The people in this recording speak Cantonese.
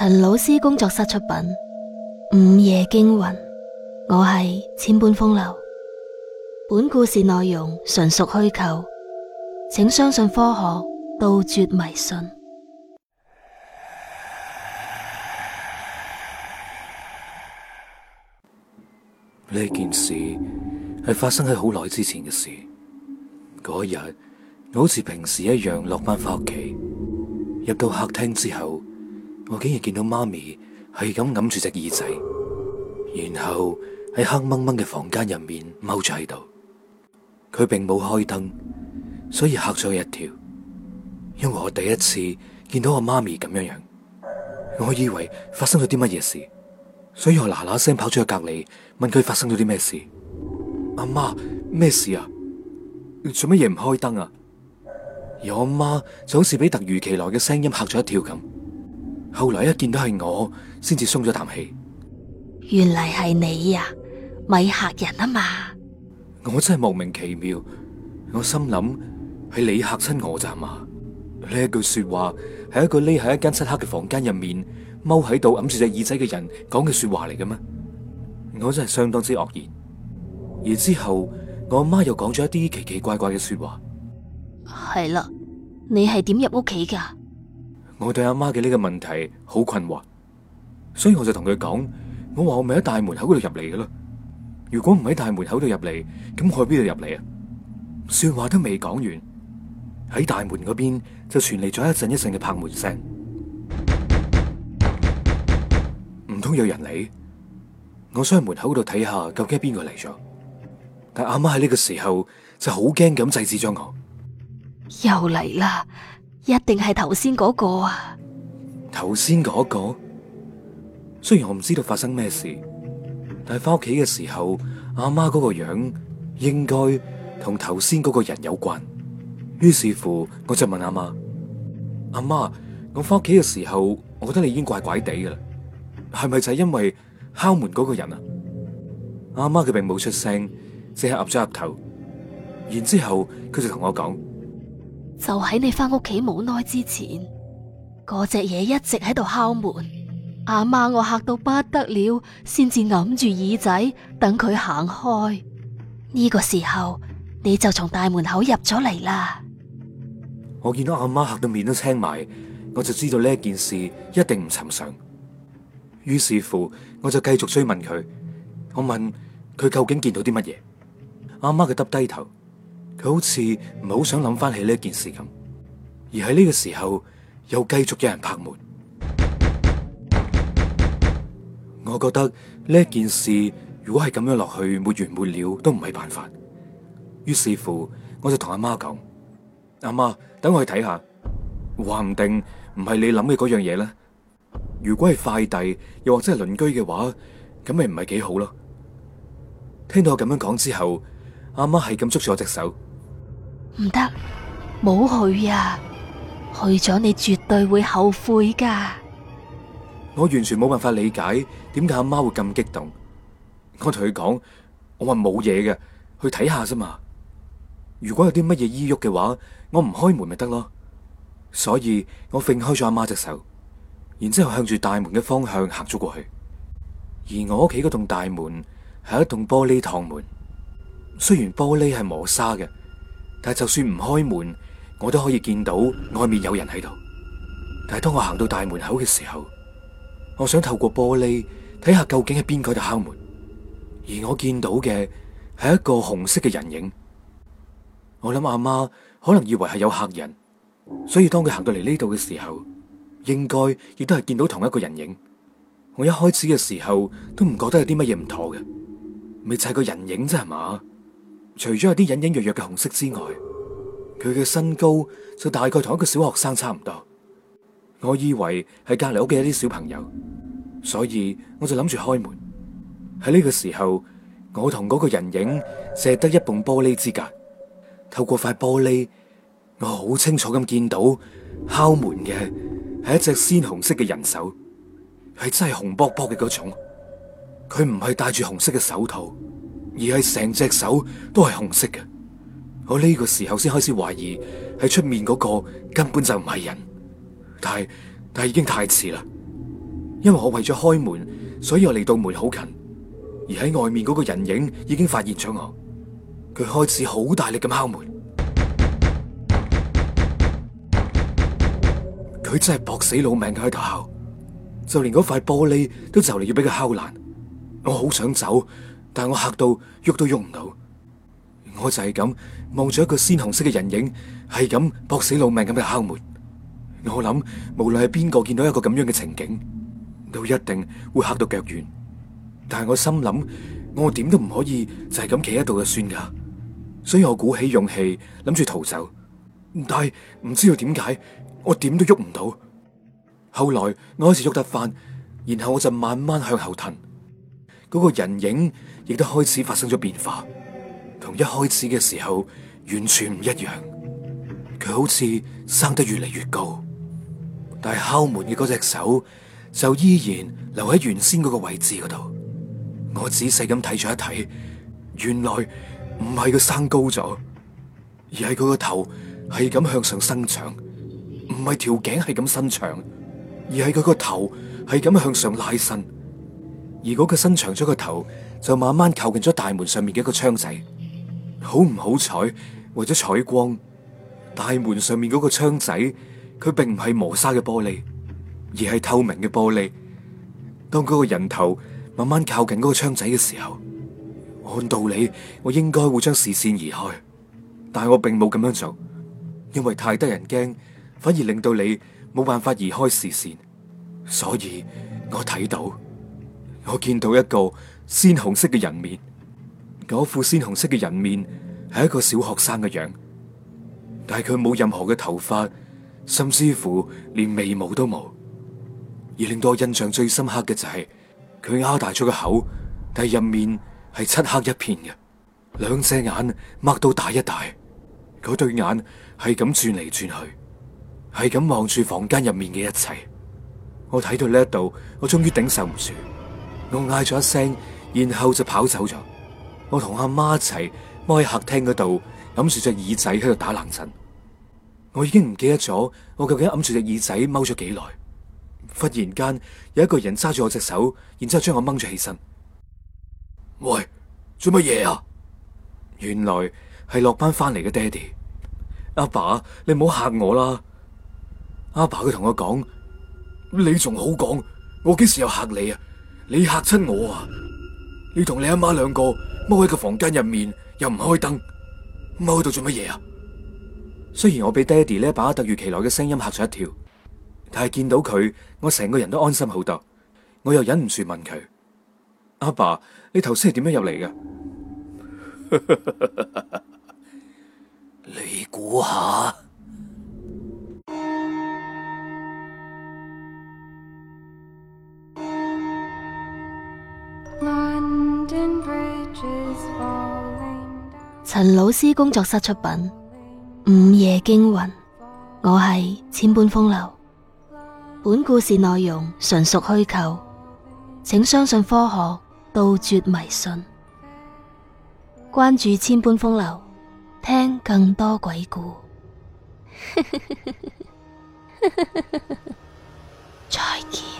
陳老師工作室出品《午夜驚魂》，我係千般風流。本故事內容純屬虛構，請相信科學，杜絕迷信。呢件事係發生喺好耐之前嘅事。嗰日我好似平時一樣落班翻屋企，入到客廳之後。我竟然見到媽咪係咁揞住隻耳仔，然後喺黑掹掹嘅房間入面踎咗喺度。佢並冇開燈，所以嚇咗我一跳。因為我第一次見到我媽咪咁樣樣，我以為發生咗啲乜嘢事，所以我嗱嗱聲跑出去隔籬問佢發生咗啲咩事。阿媽，媽，咩事啊？做乜嘢唔開燈啊？而我媽就好似俾突如其來嘅聲音嚇咗一跳咁。後嚟一見到係我，先至鬆咗啖氣。原嚟係你呀，咪嚇人啊嘛！我真係莫名其妙，我心諗係你嚇親我咋嘛？呢一句說話係一個匿喺一間漆黑嘅房間入面，踎喺度揞住隻耳仔嘅人講嘅說話嚟嘅咩？我真係相當之愕然。而之後我阿媽又講咗一啲奇奇怪怪嘅說話。係啦，你係點入屋企噶？我對阿媽嘅呢個問題好困惑，所以我就同佢講：我話我咪喺大門口度入嚟嘅咯。如果唔喺大門口度入嚟，咁我去邊度入嚟啊？說話都未講完，喺大門嗰邊就傳嚟咗一陣一陣嘅拍門聲，唔通有人嚟？我想去門口度睇下究竟邊個嚟咗。但阿媽喺呢個時候就好驚咁制止咗我：又嚟啦！一定係頭先嗰個啊！頭先嗰個，雖然我唔知道發生咩事，但係返屋企嘅時候，阿媽嗰個樣應該同頭先嗰個人有關。於是乎，我就問阿媽：阿媽，我返屋企嘅時候，我覺得你已經怪怪地㗎喇，係咪就係因為敲門嗰個人啊？阿媽佢並冇出聲，淨係岌咗岌頭，然之後佢就同我講。就喺你翻屋企冇耐之前，嗰隻嘢一直喺度敲門。阿媽我嚇到不得了，先至揞住耳仔等佢行開。呢個時候你就從大門口入咗嚟啦。我見到阿媽嚇到面都青埋，我就知道呢一件事一定唔尋常。於是乎，我就繼續追問佢。我問佢究竟見到啲乜嘢？阿媽佢耷低頭。佢好似唔好想諗翻起呢一件事咁，而喺呢個時候又繼續有人拍門。 我覺得呢一件事如果係咁樣落去，沒完沒了都唔係辦法。於是乎，我就同阿媽講：阿媽，媽，等我去睇下，話唔定唔係你諗嘅嗰樣嘢咧。如果係快遞，又或者係鄰居嘅話，咁咪唔係幾好咯。聽到我咁樣講之後，阿媽係咁捉住我隻手。唔得，冇去啊，去咗你絕對會後悔噶。我完全冇辦法理解點解阿媽會咁激動。我同佢講，我話冇嘢嘅，去睇下啫嘛。如果有啲乜嘢依郁嘅話，我唔開門咪得咯。所以我揈開咗阿媽隻手，然之後向住大門嘅方向行咗過去。而我屋企嗰棟大門係一棟玻璃趟門，雖然玻璃係磨砂嘅。但係就算唔開門，我都可以見到外面有人喺度。但係當我行到大門口嘅時候，我想透過玻璃睇下究竟係邊個喺度敲門，而我見到嘅係一個紅色嘅人影。我諗阿媽可能以為係有客人，所以當佢行過嚟呢度嘅時候，應該亦都係見到同一個人影。我一開始嘅時候都唔覺得有啲乜嘢唔妥嘅，咪就係個人影啫係嘛。除咗有啲隱隱約約嘅紅色之外，佢嘅身高就大概同一個小學生差唔多。我以為係隔籬屋嘅一啲小朋友，所以我就諗住開門。喺呢個時候，我同嗰個人影只得一碰玻璃之隔。透過塊玻璃，我好清楚咁見到敲門嘅係一隻鮮紅色嘅人手，係真係紅卜卜嘅嗰種。佢唔係戴住紅色嘅手套。而係成隻手都係紅色嘅，我呢個時候先開始懷疑喺出面嗰個根本就唔係人，但係但係已經太遲啦，因為我為咗開門，所以我嚟到門好近，而喺外面嗰個人影已經發現咗我，佢開始好大力咁敲門，佢 真係搏死老命喺度敲，就連嗰塊玻璃都就嚟要俾佢敲爛，我好想走。但我嚇到喐都喐唔到，我就係咁望住一個鮮紅色嘅人影，係咁搏死老命咁嘅敲門。我諗無論係邊個見到一個咁樣嘅情景，都一定會嚇到腳軟。但係我心諗，我點都唔可以就係咁企喺度就算噶，所以我鼓起勇氣諗住逃走。但係唔知道點解我點都喐唔到。後來我開始喐得翻，然後我就慢慢向後褪。嗰個人影亦都開始發生咗變化，同一開始嘅時候完全唔一樣，佢好似生得越嚟越高，但係敲門嘅嗰隻手就依然留喺原先嗰個位置嗰度。我仔細咁睇咗一睇，原來唔係佢生高咗，而係佢個頭係咁向上伸長，唔係條頸係咁伸長，而係佢個頭係咁向上拉伸。而嗰個伸長咗個頭，就慢慢靠近咗大門上面嘅一個窗仔。好唔好彩？為咗採光，大門上面嗰個窗仔，佢並唔係磨砂嘅玻璃，而係透明嘅玻璃。當嗰個人頭慢慢靠近嗰個窗仔嘅時候，按道理我應該會將視線移開，但係我並冇咁樣做，因為太得人驚，反而令到你冇辦法移開視線，所以我睇到。我見到一個鮮紅色嘅人面，嗰副鮮紅色嘅人面係一個小學生嘅樣，但係佢冇任何嘅頭髮，甚至乎連眉毛都冇。而令到我印象最深刻嘅就係佢擘大咗個口，但係入面係漆黑一片嘅，兩隻眼擘到大一大，嗰對眼係咁轉嚟轉去，係咁望住房間入面嘅一切。我睇到呢一度，我終於頂受唔住。我嗌咗一聲，然後就跑走咗。我同阿媽一齊踎喺客廳嗰度，揞住隻耳仔喺度打冷震。我已經唔記得咗我究竟揞住隻耳仔踎咗幾耐。忽然間有一個人揸住我隻手，然之後將我掹咗起身。喂，做乜嘢啊？原來係落班翻嚟嘅爹哋。阿爸，你唔好嚇我啦。阿爸，佢同我講，你仲好講，我幾時有嚇你啊？你嚇親我啊！你同你阿媽兩個踎喺個房間入面，又唔開燈，踎喺度做乜嘢啊？雖然我俾爹哋呢把突如其來嘅聲音嚇咗一跳，但係見到佢，我成個人都安心好多。我又忍唔住問佢：阿爸，爸，你頭先係點樣入嚟㗎？ 你估下？陳老師工作室出品《午夜驚魂》，我係千般風流。本故事內容純屬虛構，請相信科學，杜絕迷信。關注千般風流，聽更多鬼故。再見。